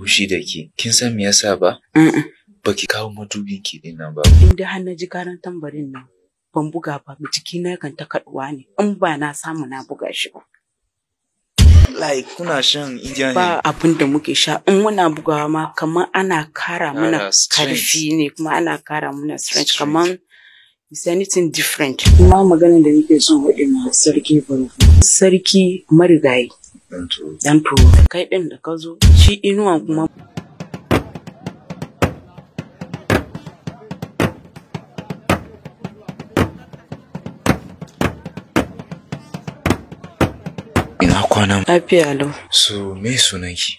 fushi da ke. Kin san me yasa ba? Ba ki kawo madubin ki din nan ba. In da har na ji karan tambarin nan ban buga ba jiki na yakan ta kaduwa ne in ba na samu na buga shi ba. Like kuna shan Indian Ba abin da muke sha in muna bugawa ma kamar ana kara ah, mana karfi ne kuma ana kara mana strength kamar is anything different. Kuma maganar da nake son waɗannan sarki barfu. Sarki marigayi. Dan tuwo. Kai ɗin da ka zo, shi inuwan kuma. Ina kwana. Lafiya lau. So, me sunan ki?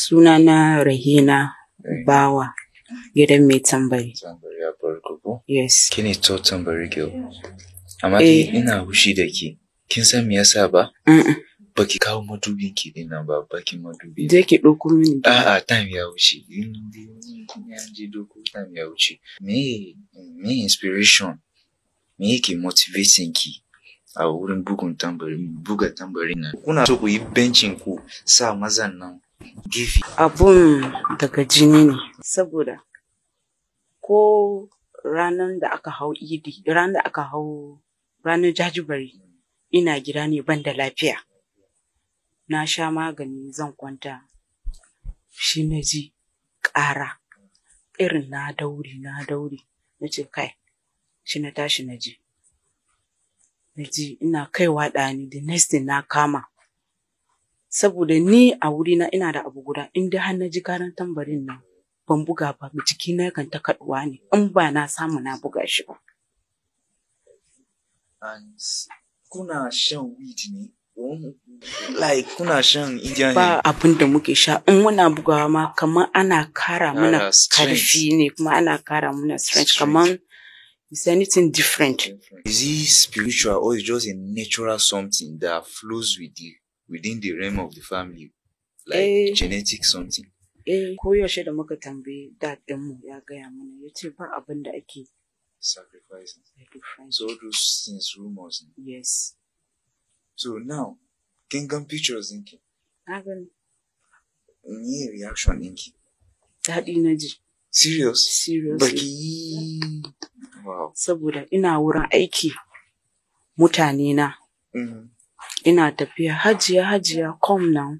Suna na Rahina eh. Bawa, gidan mai tambari. Tambari ya farko ko? Yes. Kini to tambari kyau. Amma eh. ina hushi da ki. Kin san me yasa ba? Mm baki kawo madubin ki din nan ba baki madubi je ki dauko mini a a time ya wuce in ya je dauko time ya wuce me me inspiration me yake motivating ki a wurin bugun tambarin buga tambarin nan kuna so ku yi bencin ku sa mazan nan gefe abun daga jini ne saboda ko ranar da aka hau idi ranar da aka hau ranar jajibari ina gida ne ban da lafiya na sha magani zan kwanta shi na ji ƙara irin na dauri na dauri na ce kai shi na tashi na ji na ji ina kaiwa ɗani da nestin na kama saboda ni a wuri na ina da abu guda inda har na ji karan tambarin nan ban buga ba ciki na kan ta kaɗuwa ne in ba na samu na buga shi ba kuna shan weed ne like kuna shan indian ba abin da muke sha in muna bugawa ma kamar ana kara ah, mana karfi ne kuma ana kara mana strength kamar is anything different is it spiritual or is just a natural something that flows with the within the realm of the family like eh, genetic something eh ko yaushe da muka tambaye dad mu ya gaya mana yace ba abin da ake sacrifice so those things rumors yes So now, kin pictures ɗinki? Na Ni reaction ɗinki? Daɗi na ji. Serious? Serious. Baki Wow. Saboda ina wurin aiki mutane na. Mm-hmm. Ina tafiya hajiya hajiya come now.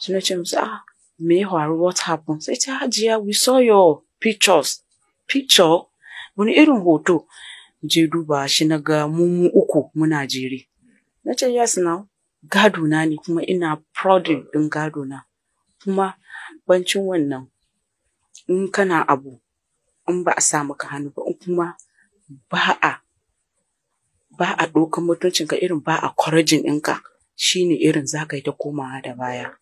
suna ce musu ah me ya faru what happened? Sai ta hajiya we saw your pictures. Picture? Wani irin hoto? Je duba shi na ga mu uku muna jere. na ce yes now gado na ne kuma ina proud din gado na kuma bancin wannan in kana abu in ba a sa maka hannu ba kuma ba a ba a ɗaukan mutuncinka irin ba a kwarajin Shi ne irin za ka yi ta komawa da baya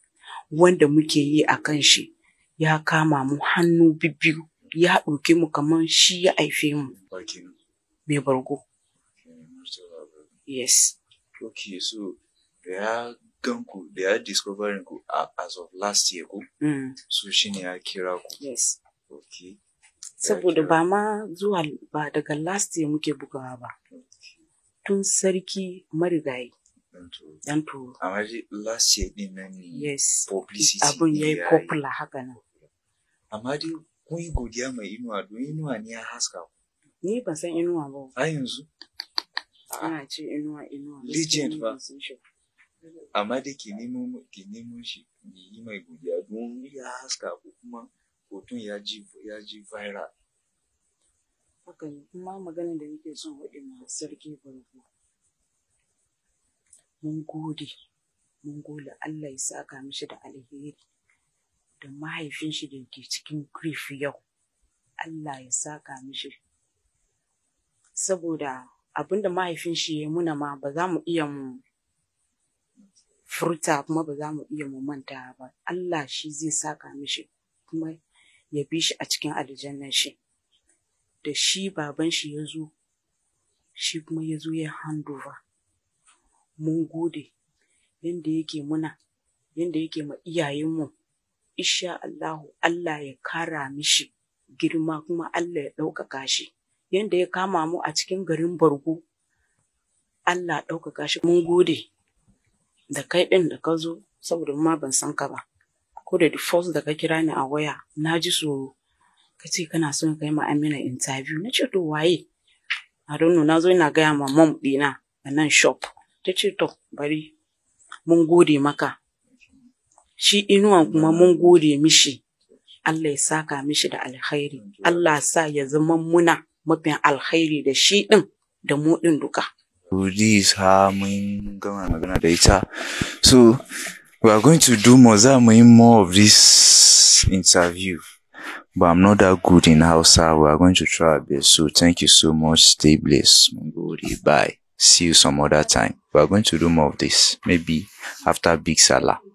wanda muke yi a kan shi ya kama mu hannu bibbiyu ya ɗauke mu kamar shi ya haife mu mai bargo yes Okay, so ya gan ku they ya discovering ku as of last year ku? Mm. So shi ne ya kira ku? Yes. Okay. Saboda ba ma zuwa ba daga last year muke bugawa ba. Tun sarki marigayi. Dan to. Amma last year din nan ne. Yes. Publicity. Abun ya popular haka nan. Amma dai kun yi godiya mai inuwa don inuwa ne ya haska ku. Ni ban san inuwa ba. A yanzu? Ana ce inuwa inuwa. Legend ba. Amma dai ke nemo ke nemo shi ya yi mai godiya don ya haska ko kuma hoton ya ji ya ji viral. Haka ne kuma maganar da nake son waɗi ma sarki barko. Mun gode. Mun gode Allah ya saka mishi da alheri. Da mahaifin shi da ke cikin grief yau. Allah ya saka mishi saboda abinda mahaifin shi ya muna ma ba za mu iya mu furta kuma ba za mu iya mu manta ba Allah shi zai saka mishi kuma ya bi shi a cikin aljannan shi da shi baban shi ya zo shi kuma ya zo ya ba. mun gode yanda yake muna yanda yake ma iyayenmu isha Allahu Allah ya kara mishi girma kuma Allah ya ɗaukaka shi yanda ya kama mu a cikin garin bargo Allah ɗaukaka shi mun gode da kai ɗin da ka zo saboda ma ban san ka ba ko da force da ka kira ni a waya na ji tsoro ka ce kana son kai ma Amina interview na ce to waye a don na zo ina gaya ma mom ɗina a nan shop ta ce to bari mun gode maka shi inuwa kuma mun gode mishi Allah ya saka mishi da alkhairi Allah sa ya zama muna mafin alkhairi da shi ɗin da mu ɗin duka. Rudy ha mun gama magana da ita. So we are going to do more more of this interview. But I'm not that good in so We are going to try our best. So thank you so much. Stay blessed. Bye. See you some other time. We are going to do more of this. Maybe after Big Salah.